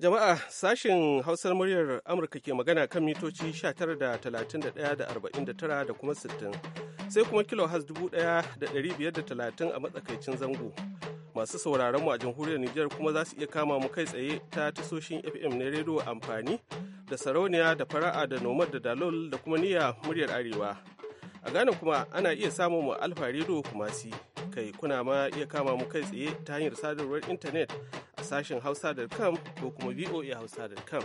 Jama'a sashen Hausar muryar Amurka ke magana kan mitoci 19 da kuma 60 sai kuma kilohaz 1530 a matsakaicin zango. Masu sauraron mu a jamhuriyar Nijar kuma za su iya kama mu kai tsaye ta tasoshin FM na rediyo amfani da sarauniya da fara'a da nomad da dalol da kuma niyya muryar arewa. A Ghana kuma ana iya samun mu alfa rediyo kuma si kai kuna ma iya kama mu kai tsaye ta hanyar sadarwar intanet a sashen hausa.com ko kuma voa hausa.com.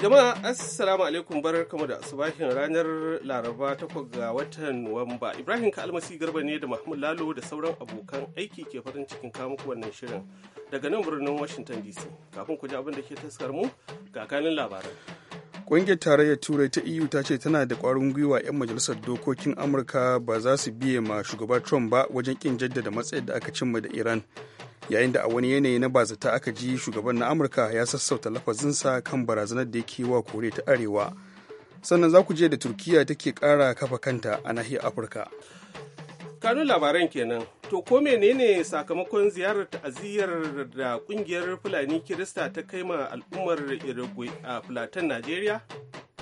jama'a assalamu alaikum bar kama da asubahin ranar laraba takwas ga watan nuwamba ibrahim kalmasi garba ne da mahmud lalo da sauran abokan aiki ke farin cikin kamuku wannan shirin daga nan birnin washington dc kafin ku ji abin da ke taskar mu ga kanin labaran ƙungiyar tarayyar turai ta eu ta ce tana da ƙwarin gwiwa 'yan majalisar dokokin amurka ba za su biye ma shugaba trump ba wajen ƙin jaddada matsayin da aka cimma da iran yayin da a wani yanayi na bazata aka ji shugaban na amurka ya sassauta lafazinsa kan barazanar da yake wa kore ta arewa sannan za ku je da turkiya take kara kafa kanta a nahiyar afirka Kano labaran kenan. To ko menene sakamakon ziyarar ta'aziyyar da kungiyar Fulani Kirista ta kai ma al'ummar Irigwe a Fulatan Najeriya?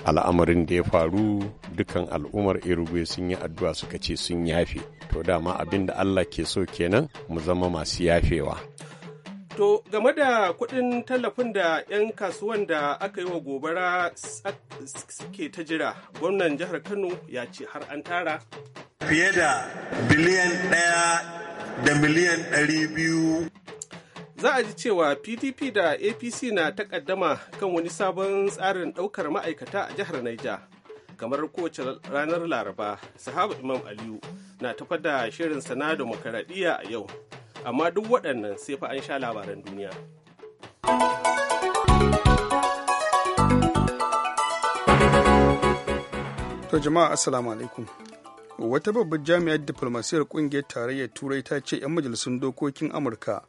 Al'amarin da ya faru dukan al'ummar Irigwe sun yi addu'a suka ce sun yafe. To dama abin da Allah ke so kenan mu zama masu yafewa. To game da kuɗin tallafin da 'yan kasuwan da aka yi wa gobara suke ta jira, gwamnan jihar Kano ya ce har an tara. Fiye da biliyan ɗaya da miliyan ɗari biyu. Za a ji cewa PDP da APC na takaddama kan wani sabon tsarin ɗaukar ma'aikata a jihar Naija. kamar kowace ranar laraba sahabu imam aliyu na tafa da shirin sana da a yau amma duk waɗannan sai fa an sha labaran duniya. To jama'a assalamu alaikum. Wata babbar jami'ar diplomasiyar ƙungiyar tarayyar Turai ta ce 'yan majalisun dokokin Amurka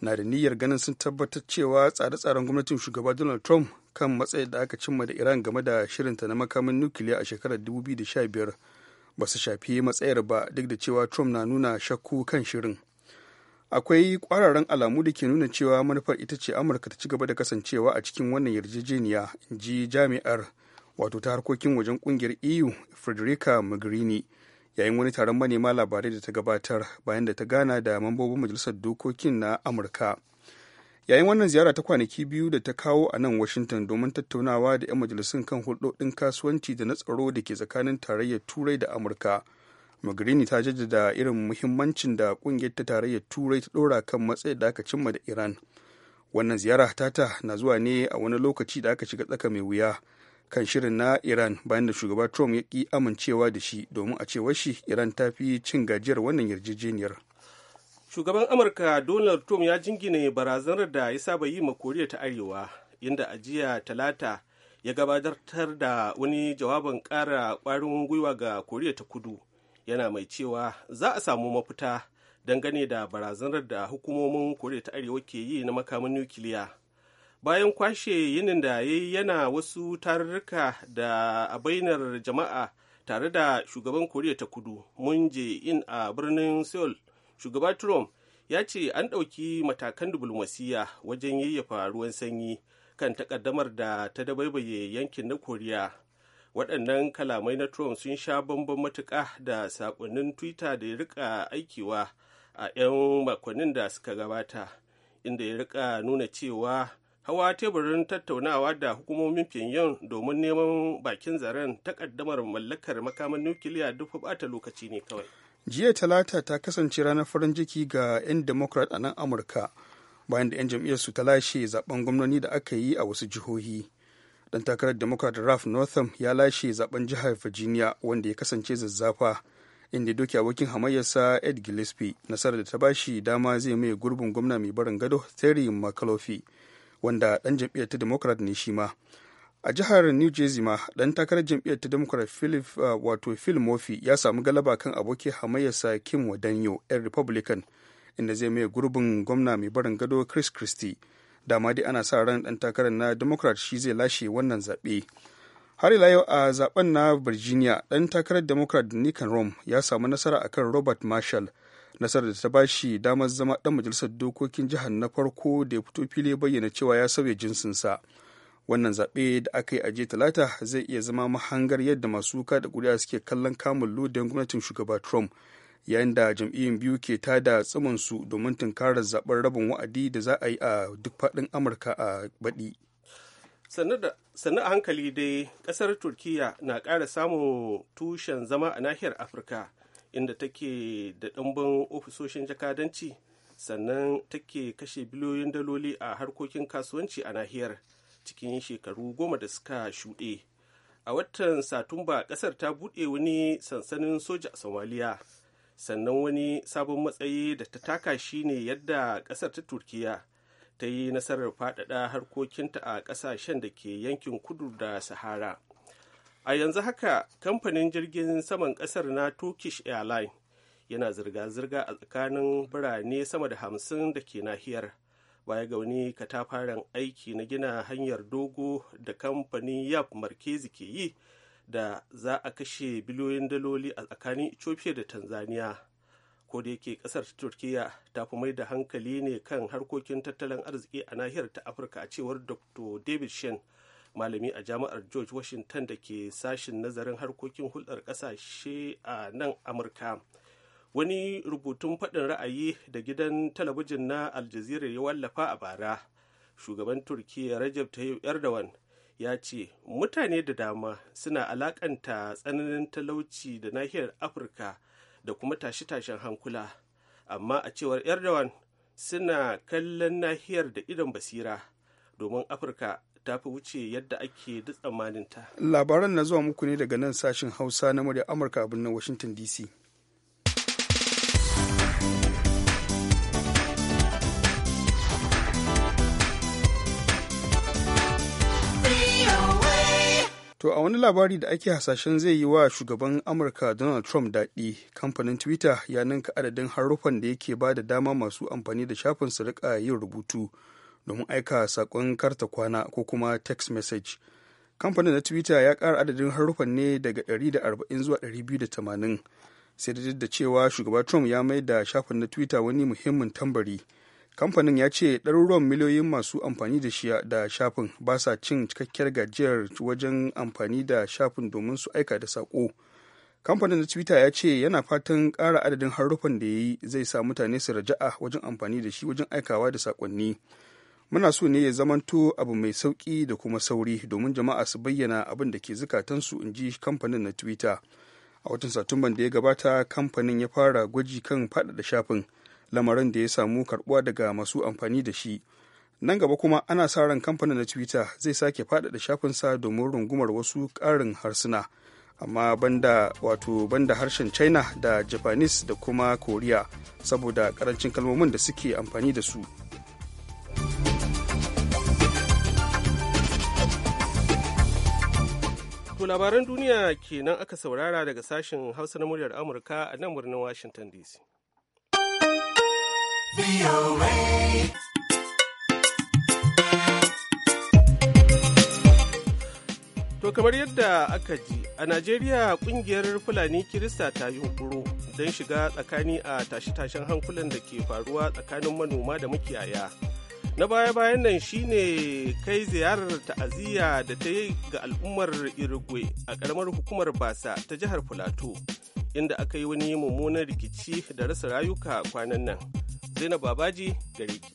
na da niyyar ganin sun tabbatar cewa tsare-tsaren gwamnatin shugaba Donald Trump kan matsayin da aka cimma da Iran game da shirinta na makamin nukiliya a shekarar 2015 ba su shafi matsayar ba duk da cewa Trump na nuna shakku kan shirin. akwai kwararan alamu da ke nuna cewa manufar ita ce amurka ta ci gaba da kasancewa a cikin wannan yarjejeniya ji jami'ar wato ta harkokin wajen kungiyar eu frederica mogherini yayin wani taron manema labarai da ta gabatar bayan da ta gana da mambobin majalisar dokokin na amurka yayin wannan ziyara ta kwanaki biyu da ta kawo a nan washington domin tattaunawa da 'yan majalisun kan hulɗoɗin kasuwanci da na tsaro da ke tsakanin tarayyar turai da amurka Mogherini ta jaddada irin muhimmancin da kungiyar ta tarayyar Turai ta ɗora kan matsayin da aka cimma da Iran. Wannan ziyara tata na zuwa ne a wani lokaci da aka shiga tsaka mai wuya kan shirin na Iran bayan da shugaba Trump ya ki amincewa da shi domin a cewar shi Iran ta fi cin gajiyar wannan yarjejeniyar. Shugaban Amurka Donald Trump ya jingine barazanar da ya saba yi ma Koriya ta Arewa inda a jiya talata ya gabatar da wani jawabin kara kwarin gwiwa ga Koriya ta Kudu. yana mai cewa za a samu mafita dangane da barazanar da hukumomin koriya ta arewa ke yi na makamin nukiliya bayan kwashe yinin da ya yi yana wasu tarurruka da a bainar jama'a tare da shugaban koriya ta kudu mun je in a birnin seoul shugaba trump ya ce an ɗauki matakan dubulmasiya wajen yayyafa ruwan sanyi kan takaddamar da ta dabaibaye yankin na koriya waɗannan kalamai na trump sun sha bambam matuƙa da saƙonin twitter da ya rika aikiwa a 'yan makonnin da suka gabata inda ya rika nuna cewa hawa teburin tattaunawa da hukumomin pyongyang domin neman bakin zaren takaddamar mallakar makaman nukiliya duk bata lokaci ne kawai jiya talata ta kasance ranar farin ciki ga 'yan democrat a nan amurka bayan da 'yan jam'iyyarsu ta lashe zaben gwamnoni da aka yi a wasu jihohi dan takarar democrat ralph northam ya lashe zaben jihar virginia wanda ya kasance zazzafa inda doki abokin hamayyarsa ed gillespie nasarar da ta bashi dama zai mai gurbin gwamna mai barin gado terry mccauliffe wanda dan jam'iyyar ta democrat ne shi ma a jihar new jersey ma dan takarar jam'iyyar ta democrat philip uh, wato phil murphy ya samu galaba kan abokin hamayyarsa kim wadanyo yan republican inda zai mai gurbin gwamna mai barin gado chris christie dama dai ana sa ran ɗan takarar na democrat shi zai lashe wannan zaɓe har ila yau a zaben na virginia ɗan takarar democrat nick rom ya samu nasara akan robert marshall nasarar da ta bashi damar zama ɗan majalisar dokokin jihar na farko da ya fito fili bayyana cewa ya sauya jinsinsa wannan zaɓe da aka yi a jiya talata zai iya zama mahangar yadda masu kada ƙuri'a suke kallon kamun lodin gwamnatin shugaba trump yayin da jam'iyyun biyu ke tada su domin tunkarar zaben rabin wa'adi da za a yi a duk faɗin amurka a baɗi sannan a hankali dai ƙasar turkiya na ƙara samun tushen zama a nahiyar afirka inda take da ɗumbin ofisoshin jakadanci sannan take kashe biliyoyin daloli a harkokin kasuwanci a nahiyar cikin shekaru goma da suka shuɗe a watan satumba ƙasar ta buɗe wani sansanin soja a somaliya sannan wani sabon matsayi da ta taka shi ne yadda ƙasar ta turkiya ta yi nasarar faɗaɗa harkokinta a ƙasashen da ke yankin kudu da sahara a yanzu haka kamfanin jirgin saman ƙasar na turkish airline yana zirga-zirga a tsakanin birane sama da hamsin da ke nahiyar baya ga wani katafaren aiki na gina hanyar dogo da kamfanin yap markezi ke yi da za a kashe biliyoyin daloli a tsakanin ethiopia da tanzania ko da yake kasar turkiya ta fi mai da hankali ne kan harkokin tattalin arziki a nahiyar ta afirka a cewar dr david shen malami a jami'ar george washington da ke sashin nazarin harkokin hulɗar ƙasashe a nan amurka wani rubutun faɗin ra'ayi da gidan talabijin na aljazeera ya wallafa a bara shugaban turkiya rajab tayyip erdogan ya ce mutane da dama suna alakanta tsananin talauci da nahiyar afirka da kuma tashi tashen hankula amma a cewar erdogan suna kallon nahiyar da idon basira domin afirka ta fi wuce yadda ake da tsammaninta labaran na zuwa muku ne daga nan sashen hausa na murya amurka abin na washington dc To a wani labari da ake hasashen zai yi wa shugaban Amurka Donald Trump daɗi, kamfanin Twitter ya ninka adadin haruffan da yake ba da dama masu amfani da shafin su rika yin rubutu domin aika saƙon karta kwana ko kuma text message. Kamfanin na Twitter ya ƙara adadin haruffan ne daga 140 zuwa 280. Sai da da cewa shugaba Trump ya mai da shafin na Twitter wani muhimmin tambari. kamfanin ya ce ɗaruruwan miliyoyin masu amfani da shi da shafin ba sa cin cikakkiyar gajiyar wajen amfani da shafin domin su aika da saƙo kamfanin na twitter ya ce yana fatan ƙara adadin haruffan da ya yi zai sa mutane su raja'a wajen amfani da shi wajen aikawa da saƙonni muna so ne ya zamanto abu mai sauƙi da kuma sauri domin jama'a su bayyana abin da ke zukatansu in ji kamfanin na twitter a watan satumban da ya gabata kamfanin ya fara gwaji kan faɗaɗa shafin lamarin da ya samu karbuwa daga masu amfani da shi nan gaba kuma ana sa ran kamfanin na twitter zai sake faɗaɗa sa domin rungumar wasu ƙarin harsuna amma banda wato banda harshen china da japanese da kuma korea saboda karancin kalmomin da suke amfani da su To labaran duniya kenan aka saurara daga sashen hausa na muryar amurka a nan birnin washington dc To kamar yadda aka ji a Najeriya kungiyar Fulani Kirista ta yi yunkuro don shiga tsakani a tashe-tashen hankulan da ke faruwa tsakanin manoma da makiyaya. Na baya-bayan nan shine kai ziyarar ta'aziyya da ta yi ga al'ummar Irigwe a ƙaramar hukumar Basa ta jihar Filato inda aka yi wani mummunan rikici da rasa rayuka kwanan nan zainab babaji gare ki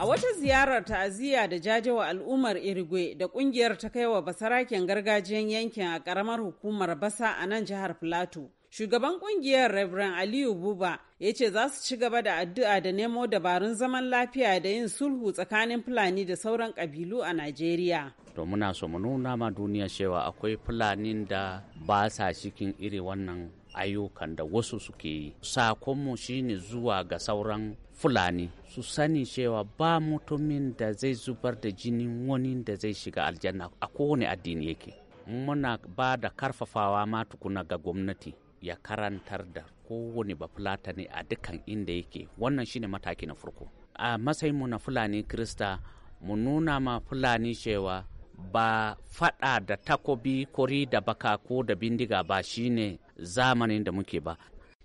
a wata ziyarar ta'aziyya da jajewa al'ummar irigwe da kungiyar ta kai wa basaraken gargajiyan yankin a karamar hukumar basa a nan jihar Filato. shugaban kungiyar reverend aliyu buba ya ce za su ci gaba da addu'a da nemo dabarun zaman lafiya da yin sulhu tsakanin fulani da sauran kabilu a najeriya to muna so mu nuna ma duniya cewa akwai fulanin da ba sa cikin iri wannan ayyukan da wasu suke yi sakonmu shine zuwa ga sauran fulani su sani cewa ba mutumin da zai zubar da jini wani da zai shiga aljanna a kowane addini yake muna ba da karfafawa ma tukuna ga gwamnati ya karantar da kowane fulata ne a dukkan inda yake wannan shine mataki na farko a matsayin mu na fulani krista mu nuna ma fulani cewa ba fada da takobi kori da baka ko da bindiga ba shine zamanin da muke ba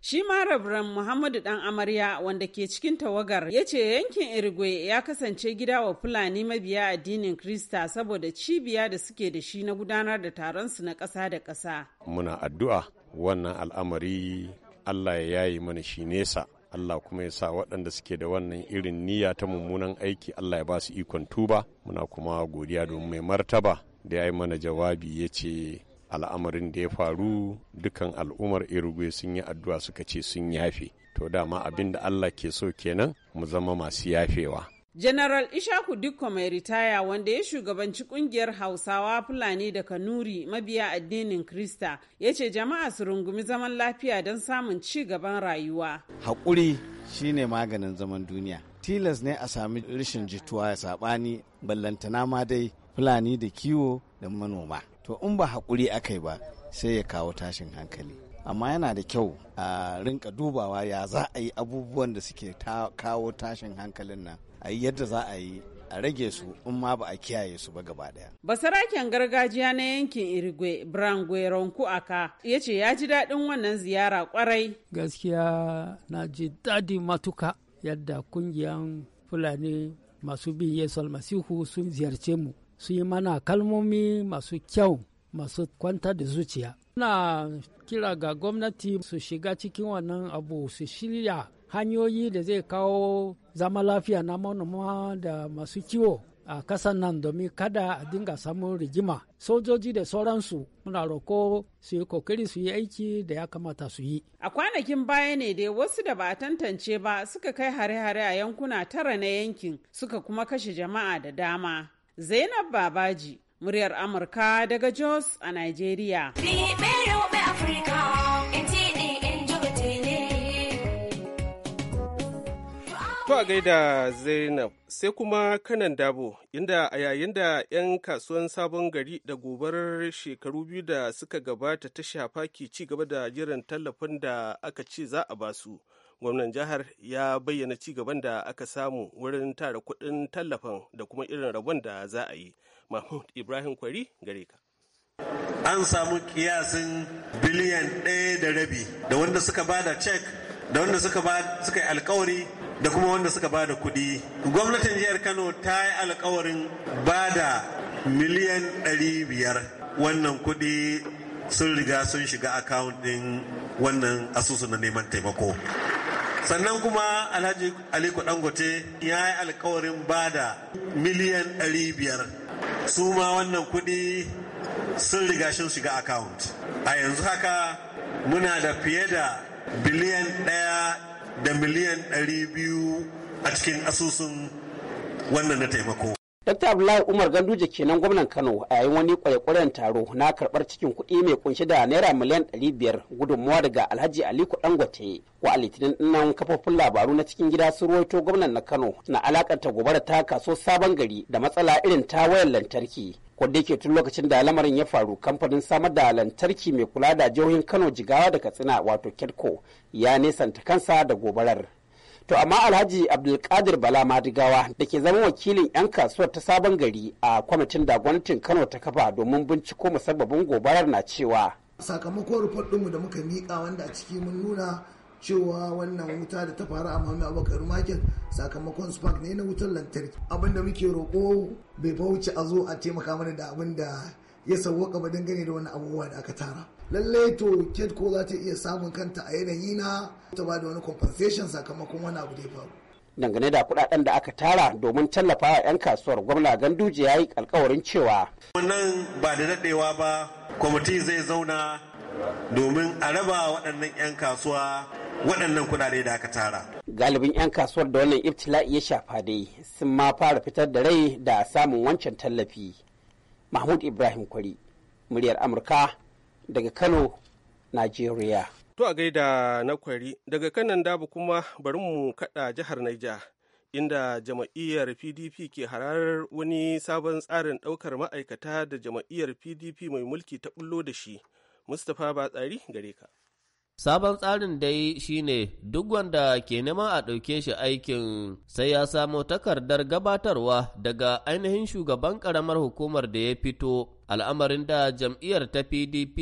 Shi ma Rabran Muhammadu ɗan Amarya wanda ke cikin tawagar ya ce yankin Irigwe ya kasance gida wa Fulani mabiya addinin Krista saboda cibiya da suke da shi na gudanar da taronsu na ƙasa da ƙasa. Muna addu'a wannan al'amari Allah ya yayi mana shi nesa. Allah kuma ya sa waɗanda suke da wannan irin niyya ta mummunan aiki Allah ya ba su ikon tuba. Muna kuma godiya domin mai martaba da ya yi mana jawabi ya ce al'amarin da ya faru dukan al'ummar irugwe sun yi addu'a suka ce sun yafe. To dama abin da Allah ke so kenan mu zama masu yafewa. General Ishaku Dikko mai ritaya wanda ya shugabanci kungiyar Hausawa Fulani da Kanuri mabiya addinin Krista ya ce jama'a su rungumi zaman lafiya don samun ci gaban rayuwa. Haƙuri shine maganin zaman duniya. Tilas ne a sami rashin jituwa ya saɓani ballantana ma dai Fulani da kiwo da manoma. to in ba hakuri aka yi ba sai ya kawo tashin hankali amma yana da kyau a rinka dubawa ya za a yi abubuwan da suke kawo tashin hankalin nan a yi yadda za a yi a rage su in ma ba a kiyaye su ba gaba daya. Basaraken gargajiya na yankin Irigwe, Brangwe, Ronku Aka ya ce ya ji daɗin wannan ziyara kwarai. Gaskiya na ji daɗi matuka yadda kungiyan Fulani masu bin Yesu Almasihu sun ziyarce mu su yi mana kalmomi masu kyau masu kwanta da zuciya na kira ga gwamnati su shiga cikin wannan abu su shirya hanyoyi da zai kawo zama lafiya na manoma da masu kiwo a kasan nan domin kada a dinga samun rigima sojoji da sauransu muna roko su yi kokari su yi aiki da ya kamata su yi a kwanakin baya ne dai wasu da ba a tantance ba suka kai hare-hare a yankuna tara na yankin suka kuma kashe jama'a da dama Zainab Babaji, muryar Amurka daga Jos a Nigeria. To a gaida Zainab sai kuma kanan dabo inda a yayin da 'yan kasuwan sabon gari da gobarar shekaru biyu da suka gabata ta shafa ke ci gaba da jiran tallafin da aka ce za a basu. gwamnan jihar ya bayyana ci gaban da aka samu wurin tara kuɗin tallafin da kuma irin rabon da za a yi mahmud ibrahim kwari gare ka an samu kiyasin biliyan ɗaya da rabi da wanda suka ba da cek da wanda suka yi alkawari da kuma wanda suka ba da kuɗi gwamnatin jihar kano ta yi alkawarin ba da miliyan ɗari biyar wannan kuɗi sun riga sun shiga akawun ɗin wannan asusu na neman taimako sannan kuma alhaji aliko dangote ya yi alkawarin da miliyan 500 su ma wannan kudi sun riga sun shiga account a yanzu haka muna da fiye da biliyan ɗaya da miliyan 200 a cikin asusun wannan na taimako Dr. Abdullahi Umar Ganduje kenan gwamnan Kano a yayin wani kwarekwaren taro na karɓar cikin kuɗi mai kunshi da naira miliyan ɗari biyar gudunmuwa daga Alhaji Aliko Dangote wa a nan kafofin labaru na cikin gida sun ruwaito gwamnan na Kano na ta gobara ta kaso sabon gari da matsala irin ta wayar lantarki. Kwadda ke tun lokacin da lamarin ya faru kamfanin samar da lantarki mai kula da jihohin Kano Jigawa da Katsina wato Kedko ya nesanta kansa da gobarar. To amma Alhaji Abdulkadir Bala Madigawa da ke zama wakilin 'yan kasuwar ta sabon gari a kwamitin da gwamnatin Kano ta kafa domin binciko musabbabin gobarar na cewa. Sakamakon rufar ɗinmu da muka miƙa wanda a ciki mun nuna cewa wannan wuta da ta faru a Muhammadu Abubakar Market sakamakon spark ne na wutar lantarki. abinda muke roƙo bai fa a zo a taimaka mana da abin da ya sauwaka ba dangane da wani abubuwa da aka tara lallai to kid ko za ta iya samun kanta a yanayi na ta ba da wani compensation sakamakon wani abu da ya faru dangane da kudaden da aka tara domin tallafa wa 'yan kasuwar gwamna ganduje ya yi alkawarin cewa wannan ba da daɗewa ba kwamiti zai zauna domin a raba waɗannan 'yan kasuwa waɗannan kudade da aka tara galibin 'yan kasuwar da wannan ibtila'i ya shafa dai sun ma fara fitar da rai da samun wancan tallafi mahmud ibrahim kwari muryar amurka daga kano najeriya to a gaida na kwari daga kanan dabu kuma bari mu kada jihar naija inda jama'iyyar pdp ke harar wani sabon tsarin ɗaukar ma'aikata da jama'iyyar pdp mai mulki ta bullo da shi mustapha batsari gare ka Sabon tsarin dai shine duk wanda ke nema a ɗauke shi aikin sai ya samo takardar gabatarwa daga ainihin shugaban ƙaramar hukumar da ya fito al'amarin da jam'iyyar ta PDP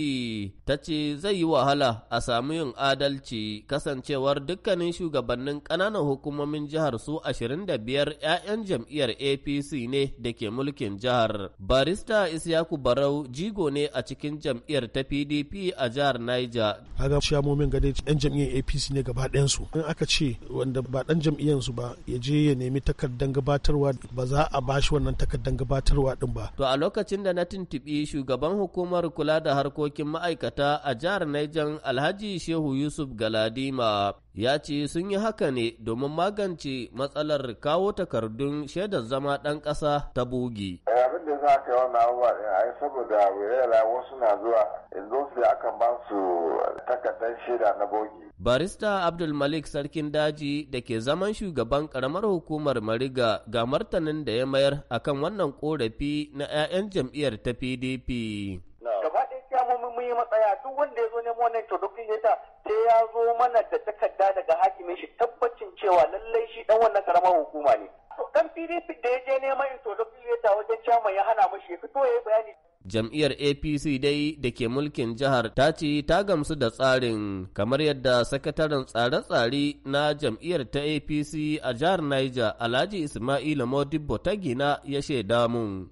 ta ce zai yi wahala a samu yin adalci kasancewar dukkanin shugabannin ƙananan hukumomin jihar su 25 'ya'yan jam'iyyar APC ne da ke mulkin jihar. Barista Isyaku Barau jigo ne a cikin jam'iyyar ta PDP a jihar Niger. Haga In aka ce wanda ba ɗan jam'iyyarsu ba ya a bashi wannan takardar gabatarwa ɗin ba. To a lokacin da na tuntuɓi shugaban hukumar kula da harkokin ma'aikata a jihar Niger Alhaji Shehu Yusuf Galadima ya ce sun yi haka ne domin magance matsalar kawo takardun shaidar zama ɗan ƙasa ta bugi. Eh, abin da za ka yi wa abubuwa ɗin a yi saboda wuri wasu na zuwa yanzu sai akan ba su takardar shaida na bogi. Barista Abdulmalik Sarkin Daji da ke zaman shugaban ƙaramar hukumar Mariga ga martanin da ya mayar akan wannan ƙorafi na 'ya'yan jam'iyyar ta PDP. mun yi matsaya duk wanda ya zo neman wannan sai ya zo mana da takarda daga hakimin shi tabbacin cewa lallai shi dan wannan karamar hukuma ne. To dan PDP da ya je neman introduction wajen chairman ya hana mashi ya fito ya yi bayani Jam'iyyar APC dai da ke mulkin jihar ta ce ta gamsu da tsarin kamar yadda sakataren tsare-tsare na jam'iyyar ta APC a jihar Niger Alhaji Ismaila Modibo gina ya shaida mun.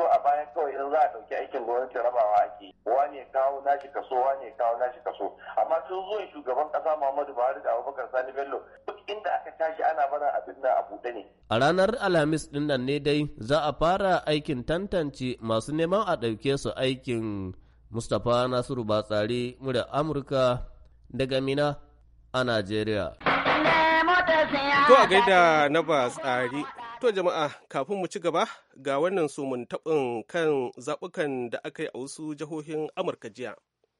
fito a bayan kawai in za a ɗauki aikin gwamnati rabawa ake wane kawo nashi kaso wane kawo nashi kaso amma sun zo shugaban kasa Muhammadu Buhari da Abubakar Sani Bello duk inda aka tashi ana bara abin nan a buɗe ne. A ranar Alhamis ɗin nan ne dai za a fara aikin tantance masu neman a ɗauke su aikin Mustapha Nasiru Batsari murya Amurka daga Mina a Najeriya. To a gaida na ba tsari To jama'a kafin mu ci gaba ga wannan sumun taɓin kan zaɓukan da aka yi a wasu jihohin Amurka jiya.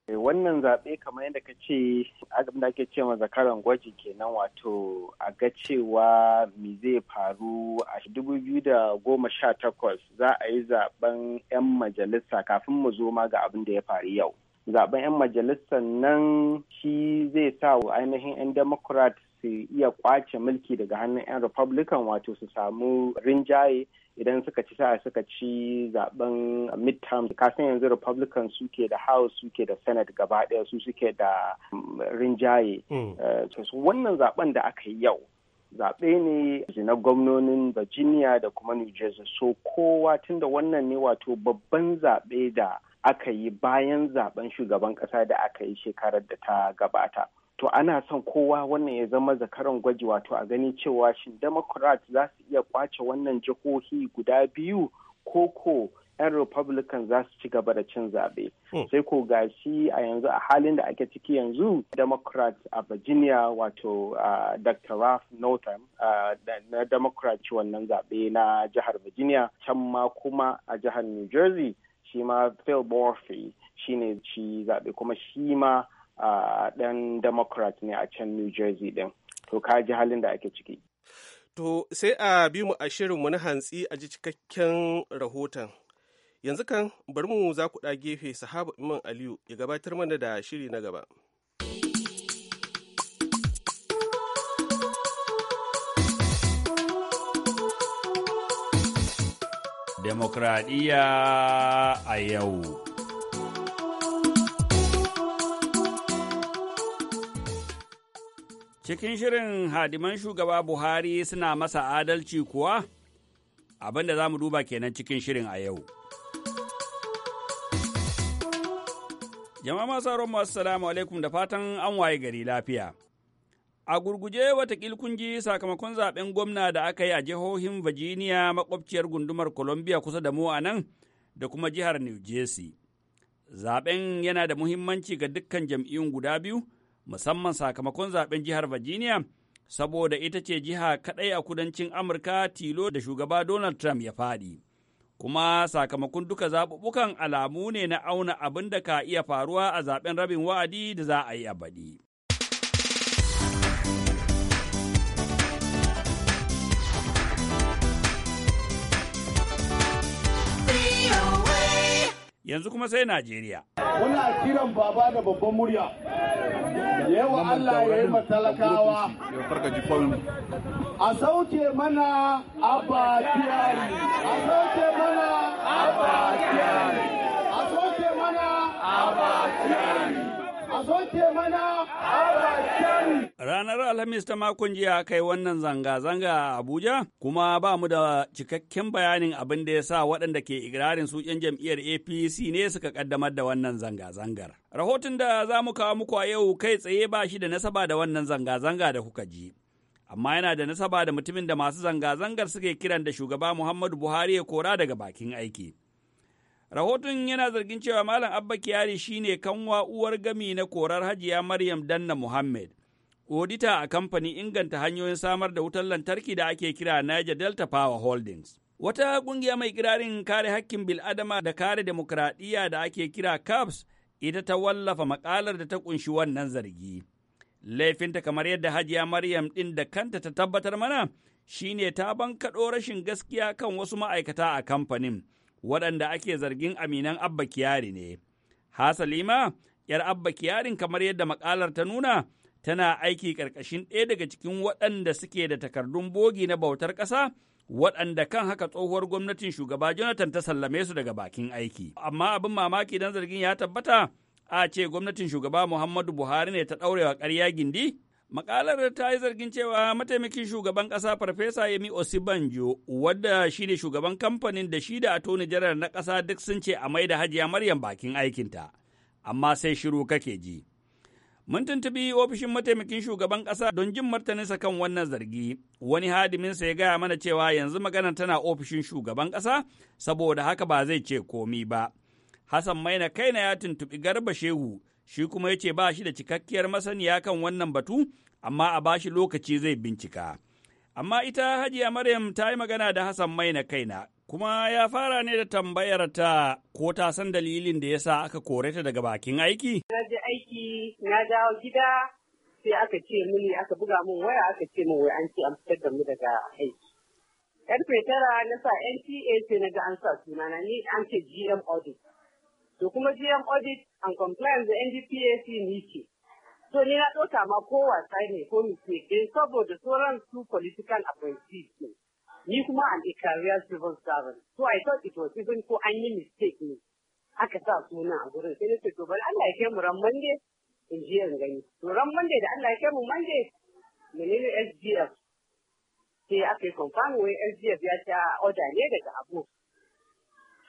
Eh, wannan zaɓe kamar yadda ka ce abin ake ce zakaran gwaji kenan wato a ga cewa me zai faru a dubu biyu da goma sha takwas za a yi zaɓen 'yan majalisa kafin mu zo ma ga abin da ya faru yau zaɓen 'yan majalisa nan shi zai sa wa ainihin 'yan Democrats su iya kwace mulki daga hannun 'yan republican wato su samu rinjaye idan suka ci sa'a suka ci zaben midterm kasan yanzu republican suke da house suke da senate gaba ɗaya su suke da mm, rinjaye hmm. eh, su wannan zaben da aka yi yau zaɓe ne na gwamnonin virginia da kuma new jersey so kowa tun da wannan ne wato babban zaɓe da aka yi bayan zaben shugaban ƙasa da aka yi shekarar da ta gabata to ana son kowa wannan ya zama zakaran gwaji wato a gani cewa shin democrat za su iya kwace wannan jihohi guda biyu ko ko 'yan republican za su ci gaba da cin zaɓe hmm. sai ko gashi a yanzu a halin da ake ciki yanzu democrat a virginia wato dr ralph northam na democrat ci wannan zaɓe na jihar virginia can ma kuma a jihar new jersey shi ma phil murphy ne ci zaɓe kuma shi ma ɗan democrat ne a can new jersey ɗin to ka ji halin da ake ciki to sai a bi mu a shirinmu na hantsi a ji cikakken rahoton yanzu kan bari mu za ku ɗa gefe sahaba iman aliyu ya gabatar mana da shiri na gaba demokradiyya a yau Cikin shirin hadiman shugaba Buhari suna masa adalci kuwa? Abinda da za mu duba kenan cikin shirin a yau. Jama'a masu mu assalamu alaikum da fatan an waye gari lafiya. A gurguje watakil kun sakamakon zaben gwamna da aka yi a jihohin Virginia makwabciyar gundumar Columbia kusa da mu a nan da kuma jihar New Jersey. Zaben yana da muhimmanci ga dukkan jam'iyyun guda biyu. musamman sakamakon zaben jihar Virginia, saboda ita ce jiha kaɗai a kudancin Amurka tilo da shugaba Donald Trump ya faɗi. Kuma sakamakon duka zaɓuɓɓukan alamu ne na auna abin da ka iya faruwa a zaben rabin wa'adi da za a yi a baɗi. yanzu kuma sai Najeriya. Muna kiran baba da babban murya. Yawa Allah ya yi matalakawa. A sauke mana abatiyari. A sauke mana abatiyari. A sauke mana abatiyari. a soke mana Ranar Alhamis ta makon jiya kai wannan zanga-zanga a Abuja kuma ba mu da cikakken bayanin abin da ya sa waɗanda ke igirarin su 'yan jam'iyyar APC ne suka ƙaddamar da wannan zanga-zangar. Rahoton da za mu kawo muku a yau kai tsaye ba shi da nasaba da wannan zanga-zanga da kuka ji. amma yana da nasaba da mutumin da masu zanga-zangar suke kiran da shugaba Muhammadu Buhari ya kora daga bakin aiki. Rahoton yana zargin cewa Malam Abba Kyari shine kanwa uwar gami na korar Hajiya Maryam Danna Muhammad. Odita a kamfanin inganta hanyoyin samar da wutar lantarki da ake kira Niger Delta Power Holdings. Wata ƙungiya mai kirarin kare hakkin bil'adama da kare demokradiyya da ake kira CAPS ita ta wallafa makalar da ta ƙunshi wannan zargi. Laifinta kamar yadda Hajiya Maryam ɗin da kanta ta tabbatar mana shine ta bankaɗo rashin gaskiya kan wasu ma'aikata a kamfanin. waɗanda ake zargin aminan Abba Kiyari ne. Hasalima, ‘yar Abba Kiyarin kamar yadda makalar ta nuna, tana aiki ƙarƙashin ɗaya daga cikin waɗanda suke da takardun bogi na bautar ƙasa, waɗanda kan haka tsohuwar gwamnatin shugaba Jonathan ta sallame su daga bakin aiki. Amma abin mamaki don zargin ya tabbata, a ce gwamnatin shugaba Muhammadu Buhari ne ta ɗaurewa ƙarya gindi, Makalar ta yi zargin cewa mataimakin shugaban ƙasa Farfesa Yemi Osibanjo, wadda shi ne shugaban kamfanin da shi da atoni jarar na ƙasa duk sun ce a mai da hajiya Maryam bakin aikinta, amma sai shiru kake ji. Mun tuntubi ofishin mataimakin shugaban ƙasa don jin martaninsa kan wannan zargi, wani hadiminsa ya gaya mana cewa yanzu maganar tana ofishin shugaban ƙasa, saboda haka ba zai ce komi ba. Hassan Maina kaina ya tuntuɓi Garba Shehu, shi kuma ya ce ba shi da cikakkiyar masaniya kan wannan batu, amma a ba shi lokaci zai bincika. Amma ita Hajiya Maryam ta yi magana da Hassan Mai na kaina, kuma ya fara ne da tambayar ta ko ta san dalilin da ya sa aka kore ta daga bakin aiki? Na je aiki, na dawo gida, sai aka ce mini aka buga min waya aka ce min wai an ce an fitar da mu daga aiki. Karfe tara na sa NTA sai na ga an sa sunana ni an ce GM Audit. To kuma GM audit and compliance da NDPAC ni ce. To ni na ɗauka ma ko wasa ne ko mistake ɗin eh, saboda sauran su political appointees ne. Ni kuma an a career civil servant. So I thought it was even ko an yi mistake ne. Aka sa suna a gurin sai na ce to bari Allah ya kai mu ran Monday in ji in gani. To ran Monday da Allah ya kai mu Monday menene SGF. Sai aka yi confirm wai SGF ya ta order ne daga abu.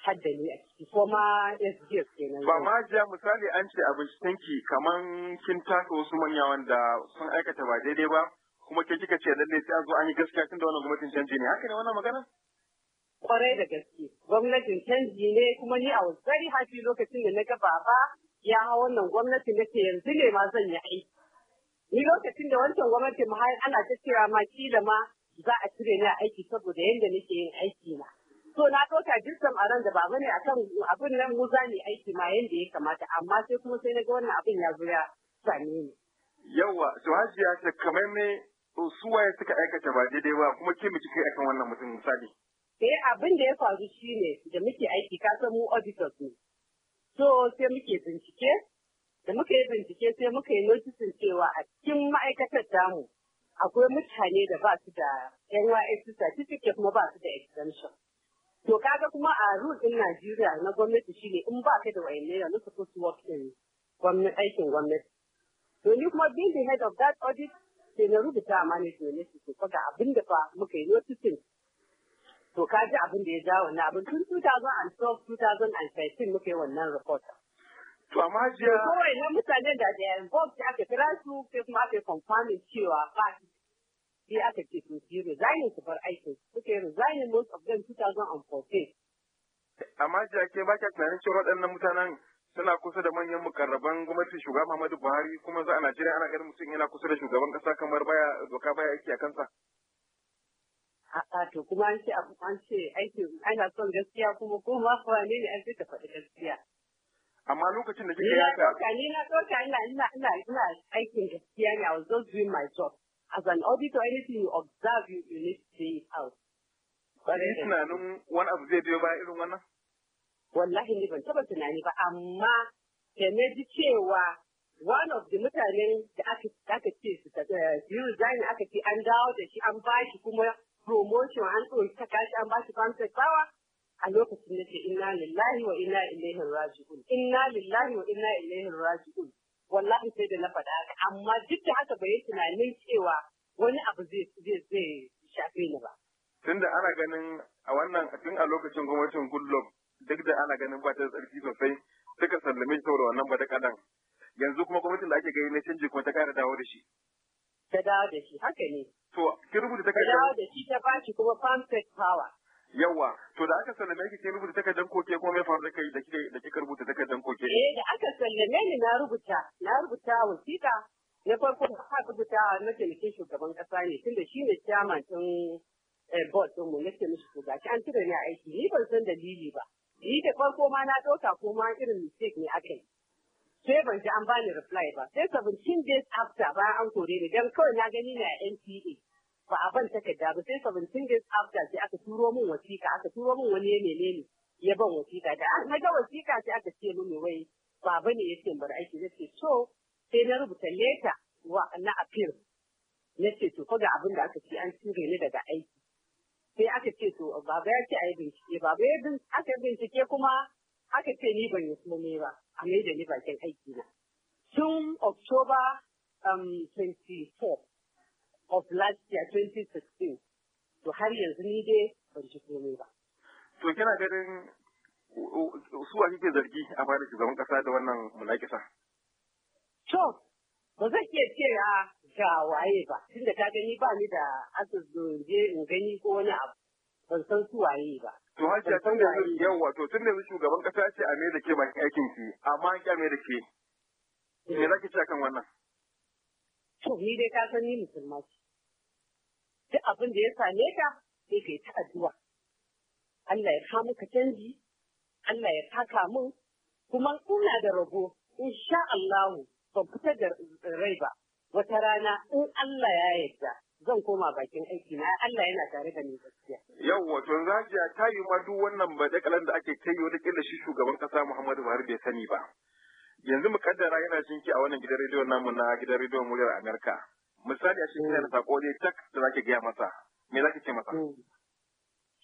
hadda ne a ciki ko ma SGF kenan. Ba ma jiya misali an ce a bincikenki kaman kin taka wasu manya wanda sun aikata ba daidai ba kuma ke kika ce lalle sai an zo an yi gaskiya tun da wannan gwamnatin canji ne haka ne wannan magana? Kwarai da gaske gwamnatin canji ne kuma ni a very hafi lokacin da na ga baba ya hau wannan gwamnati ke yanzu ne ma zan yi aiki. Ni lokacin da wancan gwamnatin ma har ana ta cewa ma kila ma za a cire ni a aiki saboda yadda nake yin aiki na. so na ɗauka dukkan a ran da ba bane akan abin nan mu zani aiki ma yanda ya kamata amma sai kuma sai na ga wannan abin ya zo ya same ni. Yawwa to hajiya ta kamar me su waye suka aikata ba daidai ba kuma ke miki kai akan wannan mutum misali. Eh abin da ya faru shine da muke aiki ka san mu auditors ne. So sai muke bincike da muka yi bincike sai muka yi notisin cewa a cikin ma'aikatar tamu akwai mutane da ba su da NYSC certificate kuma ba su da exemption. To kaga kuma a rule din Najeriya na gwamnati shine in ba ka da wayanne da nuka so work in gwamnati aikin gwamnati. To ni kuma being the head of that audit sai na rubuta a management ne su ga abin da fa muka yi noticing. To ka ji abin da ya ja wannan abin tun 2012 2013 muka yi wannan report. To amma jiya. Kowai na mutanen da da involved aka kira su sai kuma aka yi confirming cewa ba sai aka ce to su yi resigning su bar aikin suka yi resigning most of them 2014. Amma ake ba ka tunanin cewa waɗannan mutanen suna kusa da manyan mukarraban gwamnati shugaban Muhammadu Buhari kuma za a Najeriya ana ganin mutum yana kusa da shugaban ƙasa, kamar baya doka baya aiki a kansa. A'a to kuma an ce an ce aikin ana son gaskiya kuma ko ma kuwa ne ne an ce ta faɗi gaskiya. Amma lokacin da kika yaka. Ni na ɗauka ina ina ina ina aikin gaskiya ne I was just doing my job. as an auditor anything you observe you, you need to say it out. Ba ni wani abu zai biyo irin wannan? Wallahi ni ban taba tunani ba amma kene na ji cewa one of the mutanen da aka ce su resign eh, aka ce an dawo da shi an ba shi kuma promotion an ɗauki ta kashi an ba shi contract bawa a lokacin da ce inna lillahi wa inna ilaihi raji'un inna lillahi wa inna ilaihi raji'un wallahi sai da na faɗa amma duk da haka bai tunanin cewa wani abu zai zai shafe ni ba tunda ana ganin a wannan tun a lokacin gwamnatin Goodluck duk da ana ganin ba ta tsarki sosai suka sallame shi saboda wannan bada kadan yanzu kuma gwamnatin da ake gani na canji kuma ta kara dawo da shi ta dawo da shi haka ne to ki rubuta ta dawo da shi ta ba shi kuma pamphlet power yawa to da aka sallame ki kin rubuta takardar koke ko mai faru da kai da kike da kika rubuta takardar koke eh da aka sallame ni na rubuta na rubuta wasiƙa na farko da aka rubuta na taimakin shugaban kasa ne tunda shi ne chairman din eh, board din mu na mishi to gashi an tura ni aiki ni ban san dalili ba ni da farko ma na ɗauka ko ma irin mistake ne aka yi sai ban ji an bani reply ba sai 17 days after bayan an kore ni dan kawai na gani na NTA ba a ban takarda ba sai 17 days after sai aka turo min wasiƙa aka turo min wani ne ya ban wasiƙa da na ga wasiƙa sai aka ce mun wai baba ne ya ce bar aiki na ce to sai na rubuta leta wa na appeal na ce to ko ga abin da aka ce an cire ni daga aiki sai aka ce to baba ya ce a yi bincike baba ya aka bincike kuma aka ce ni ban yi komai ba a mai da ni bakin aiki na tun october um, 24 of last year 2016 to har yanzu ni dai ban ji komai ba. To kina ganin su a kike zargi a bada shugaban kasa da wannan mulakisa? To ba zan iya ya ga waye ba tunda ka gani ba ni da asus je in gani ko wani abu ban san su waye ba. To hajiya tun da yanzu yawa to tun da yanzu shugaban kasa ce a da ke bakin aikin ki amma an kyame da ke. Me eh. za ki ce akan wannan? To ni dai ka san ni musulma ce. duk abin da ya same ka sai ka yi ta addu'a Allah ya samu maka canji Allah ya taka min kuma ina da rago insha Allah ban fitar da rai ba wata rana in Allah ya yarda zan koma bakin aiki na Allah yana tare da ni gaskiya. Yawwa to Zajiya ta yi ma duk wannan badakalan da ake kai wata kila shi shugaban kasa Muhammadu Buhari bai sani ba. Yanzu mu kaddara yana jinki a wannan gidan rediyon namu na gidan rediyon muryar Amerika. misali a shi yana sako dai tak da zaki gaya masa me zaki ce masa hmm.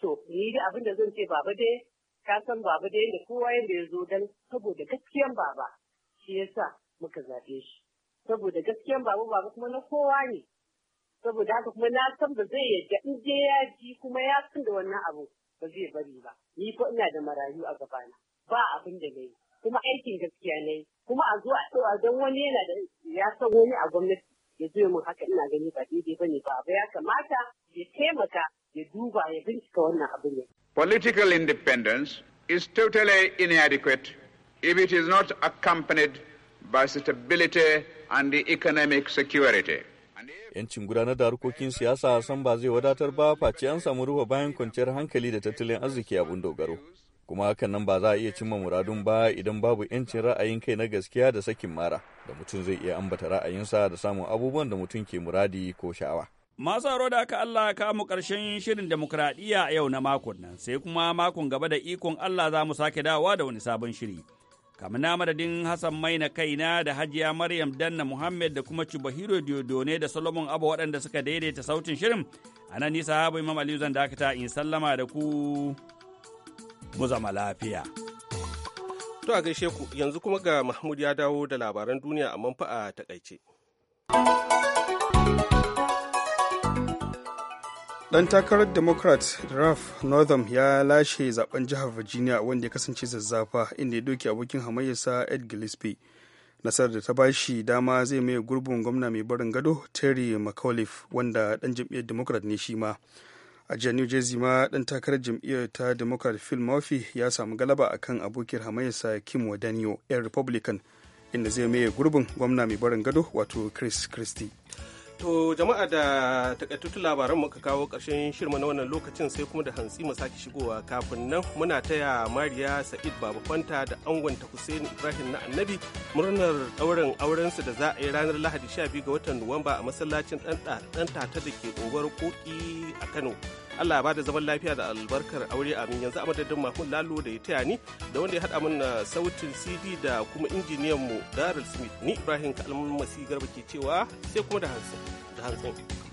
to ni da abin da zan ce baba dai ka san baba dai da kowa yanda ya zo dan saboda gaskiyan baba shi yasa muka zabe shi saboda gaskiyan baba baba kuma na kowa ne saboda haka kuma na san ba zai yadda in je ya ji kuma ya san da wannan abu ba zai bari ba ni ko ina da marayu a gabana ba abin da nayi kuma aikin gaskiya nayi kuma a zo a don wani yana da ya san wani a gwamnati ya zo min haka ina gani ba daidai ba ne ba ya kamata ya taimaka ya duba ya bincika wannan abin ne. Political independence is totally inadequate if it is not accompanied by stability and the economic security. Yancin gudanar da harkokin siyasa san ba zai wadatar ba face an samu ruwa bayan kwanciyar hankali da tattalin arziki abun dogaro. Kuma hakan nan ba za a iya cimma muradun ba idan babu yancin ra'ayin kai na gaskiya da sakin mara. da mutum zai iya ambata ra'ayinsa da samun abubuwan da mutum ke muradi ko sha'awa. Masu haro da aka Allah ka mu ƙarshen shirin demokuraɗiyya a yau na makon nan sai kuma makon gaba da ikon Allah za mu sake dawowa da wani sabon shiri. Kamar na madadin Hassan Mai na kaina da Hajiya Maryam Danna Muhammad da kuma Cubahiro Diodone da Solomon Abba waɗanda suka daidaita sautin shirin a nan nisa habu Imam Aliyu zan dakata in sallama da ku mu zama lafiya. To a gaishe ku yanzu kuma ga Mahmud ya dawo da labaran duniya a fa a takaice. Dan takarar Democrat Ralph Northam ya lashe zaben jihar Virginia wanda ya kasance zazzafa inda ya doke abokin hamayyarsa Ed Gillespie. Nasarar da ta bashi dama zai maye gurbin gwamna mai barin gado Terry McAuliffe wanda dan jam'iyyar Democrat ne shi ma. a jihar new jersey ma dan takarar jam'iyyar ta democrat phil murphy ya samu galaba akan abokin hamayyarsa kim wadanyo yan republican inda zai maye gurbin gwamna mai barin gado wato chris christie To jama'a da takaitattun labaran muka kawo ƙarshen shirma na wannan lokacin sai kuma da hantsi mu sake shigowa kafin nan muna taya Mariya Sa'id Baba Fanta da angonta Hussein Ibrahim na Annabi murnar ɗaurin aurensu da za a yi ranar Lahadi 12 ga watan Nuwamba a masallacin ɗan ta da ke unguwar Koki a Kano. Allah ya bada zaman lafiya da albarkar aure amin yanzu a madadin Mahmud Lalo da ya taya ni da wanda ya haɗa mana uh, sautin CD da kuma injiniyan mu Daryl Smith ni Ibrahim Kalmasi Garba ke cewa sai kuma da da hansu.